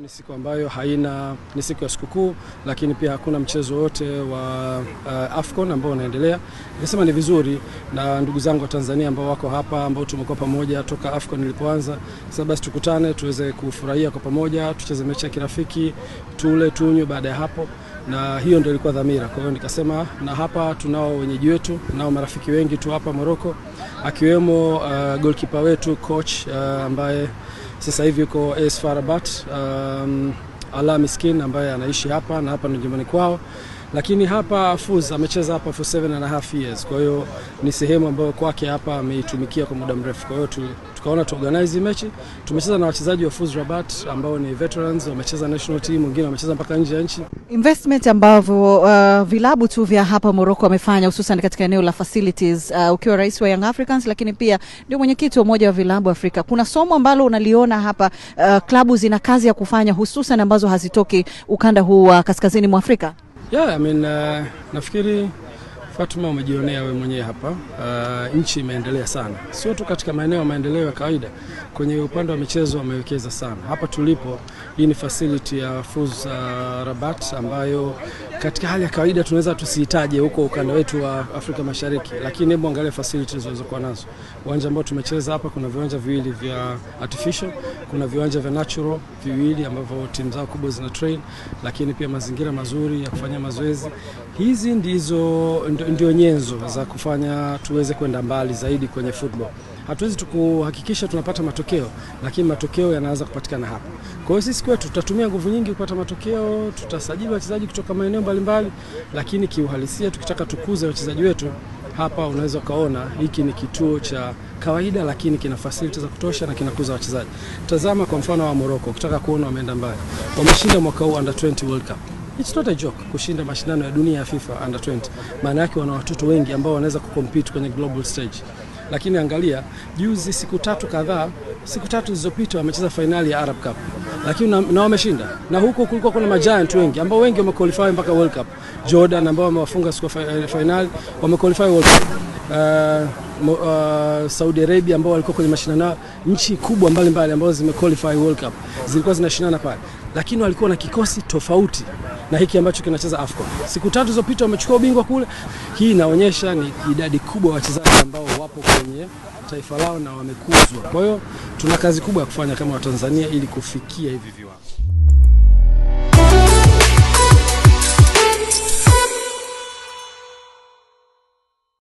Ni siku ambayo haina, ni siku ya sikukuu, lakini pia hakuna mchezo wote wa uh, AFCON ambao unaendelea. Nikasema ni vizuri na ndugu zangu wa Tanzania ambao wako hapa, ambao tumekuwa pamoja toka AFCON ilipoanza, sasa basi tukutane tuweze kufurahia kwa pamoja, tucheze mechi ya kirafiki, tule tunywe, baada ya hapo na hiyo ndio ilikuwa dhamira. Kwa hiyo nikasema, na hapa tunao wenyeji wetu, nao marafiki wengi tu hapa Moroko, akiwemo uh, goalkeeper wetu coach uh, ambaye sasa hivi yuko AS FAR Rabat um, Ala Miskin ambaye anaishi hapa na hapa ni nyumbani kwao lakini hapa Fuz amecheza hapa for seven and a half years, kwa hiyo ni sehemu ambayo kwake hapa ameitumikia kwa muda mrefu. Kwa hiyo tukaona organize mechi. Tumecheza na wachezaji wa Fuz Rabat ambao ni veterans, wamecheza national team, wengine wamecheza mpaka nje ya nchi. Investment ambavyo uh, vilabu tu vya hapa Morocco wamefanya hususan katika eneo la facilities uh, ukiwa rais wa Young Africans, lakini pia ndio mwenyekiti wa umoja wa vilabu Afrika, kuna somo ambalo unaliona hapa uh, klabu zina kazi ya kufanya hususan ambazo hazitoki ukanda huu wa kaskazini mwa Afrika. Yeah, I mean, uh, nafikiri Fatuma umejionea we mwenyewe hapa. Uh, nchi imeendelea sana, sio tu katika maeneo ya maendeleo ya kawaida kwenye upande wa michezo wamewekeza sana. Hapa tulipo, hii ni facility ya Fuz uh, Rabat ambayo katika hali ya kawaida tunaweza tusihitaje huko ukanda wetu wa Afrika Mashariki, lakini hebu angalia facilities zilizokuwa nazo. Uwanja ambao tumecheza hapa, kuna viwanja viwili vya artificial, kuna viwanja vya natural viwili ambavyo timu zao kubwa zina train, lakini pia mazingira mazuri ya kufanya mazoezi. Hizi ndizo ndio nyenzo za kufanya tuweze kwenda mbali zaidi kwenye football hatuwezi tukuhakikisha tunapata matokeo, lakini matokeo yanaweza kupatikana hapa. Kwa hiyo sisi kwetu tutatumia nguvu nyingi kupata matokeo, tutasajili wachezaji kutoka maeneo mbalimbali, lakini kiuhalisia tukitaka tukuze wachezaji wetu hapa unaweza ukaona hiki ni kituo cha kawaida, lakini kina facilities za kutosha na kinakuza wachezaji. Tazama kwa mfano wa Morocco, ukitaka kuona wameenda mbali, wameshinda mwaka huu under 20 World Cup. It's not a joke kushinda mashindano ya dunia ya FIFA under 20, maana yake wana watoto wengi ambao wanaweza kucompete kwenye global stage lakini angalia juzi, siku tatu kadhaa, siku tatu zilizopita wamecheza fainali ya Arab Cup lakini na, na wameshinda, na huko kulikuwa kuna magiant wengi ambao wengi wamequalify mpaka World Cup. Jordan ambao wamewafunga siku fainali eh, wamequalify World Cup. Uh, uh, Saudi Arabia ambao walikuwa kwenye mashindano, nchi kubwa mbalimbali ambazo zimequalify World Cup zilikuwa zinashindana pale lakini walikuwa na kikosi tofauti na hiki ambacho kinacheza AFCON. Siku tatu zilizopita wamechukua ubingwa kule. Hii inaonyesha ni idadi kubwa wachezaji ambao wapo kwenye taifa lao na wamekuzwa. Kwa hiyo tuna kazi kubwa ya kufanya kama Watanzania ili kufikia hivi viwango.